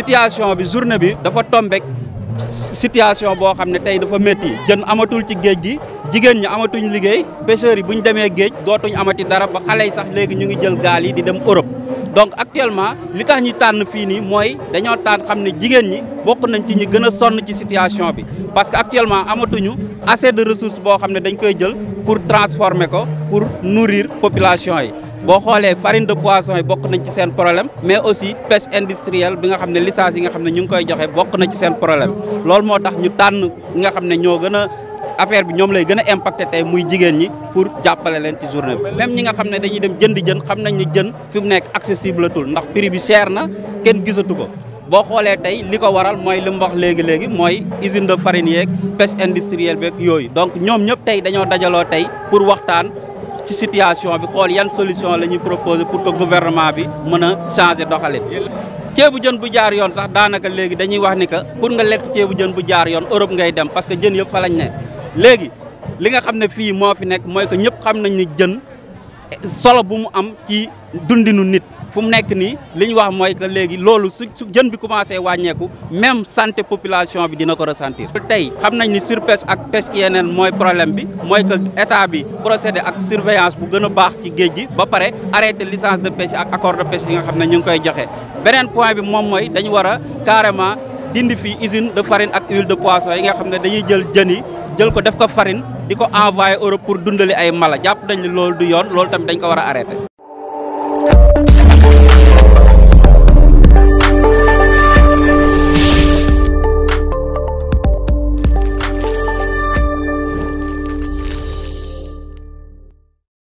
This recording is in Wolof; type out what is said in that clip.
situation bi journée bi dafa tombek situation boo xam ne tey dafa métti jën amatul ci géej gi jigéen ñi amatuñ liggéey pêcheurs yi bu ñu demee géej dootuñ amati dara ba xale yi sax léegi ñu ngi jël gaal yi di dem Europe. donc actuellement li tax ñu tànn fii nii mooy dañoo tànn xam ne jigéen ñi bokk nañ ci ñu gën a sonn ci situation bi parce que actuellement amatuñu assez de ressources boo xam ne dañ koy jël pour transformer ko pour nourrir population yi. boo xoolee farine de poisson yi bokk nañ ci seen problème mais aussi pêche industrielle bi nga xam ne licence yi nga xam ne ñu ngi koy joxe bokk na ci seen problème loolu moo tax ñu tànn nga xam ne ñoo gën a affaire bi ñoom lay gën a impacté tey muy jigéen ñi pour jàppale leen ci journée bi même ñi nga xam ne dañuy dem jëndi jën xam nañ ne jën fi mu nekk accessible atul ndax prix bi cher na kenn gisatu ko boo xoolee tey li ko waral mooy li mu léegi-léegi mooy usine de farine yeeg pêche industrielle beeg yooyu ñoom ñëpp tey dañoo dajaloo tey pour waxtaan ci situation bi xool yan solution la ñuy proposer pour que gouvernement bi mën a changer doxalin. ceebu jën bu jaar yoon sax daanaka léegi dañuy wax ni que pour nga lekk ceebu jën bu jaar yoon Europe ngay dem parce que jën yëpp fa lañ ne léegi li nga xam ne fii moo fi nekk mooy que ñëpp xam nañ ni jën solo bu mu am ci dundinu nit. fu mu nekk nii li ñu wax mooy que léegi loolu su jën bi commencé wàññeeku même santé population bi dina ko ressentir. tey xam nañ ni surpêche ak pêche INN mooy problème bi mooy que état bi procédé ak surveillance bu gën a baax ci géej gi ba pare arrêté licence de pêche ak accord de pêche yi nga xam ne ñu ngi koy joxe beneen point bi moom mooy dañu war a carrément dindi fii usine de farine ak ule de poisson yi nga xam ne dañuy jël jën yi jël ko def ko farine di ko envoyé Europe pour dundali ay mala jàpp nañ ne loolu yoon loolu tamit dañ ko war a arrêté.